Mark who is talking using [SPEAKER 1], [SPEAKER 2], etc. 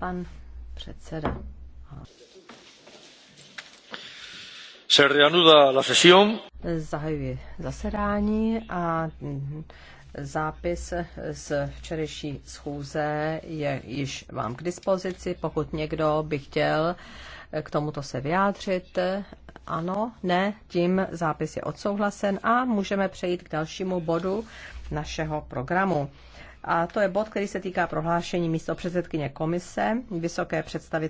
[SPEAKER 1] Pan předseda.
[SPEAKER 2] Se reanuda la sesión.
[SPEAKER 1] Zahajuji zasedání a
[SPEAKER 3] zápis z včerejší schůze je již vám k dispozici. Pokud někdo by chtěl k tomuto se vyjádřit, ano, ne, tím zápis je odsouhlasen a můžeme přejít k dalšímu bodu našeho programu. A to je bod, který se týká prohlášení místo předsedkyně komise,
[SPEAKER 4] vysoké představitelky.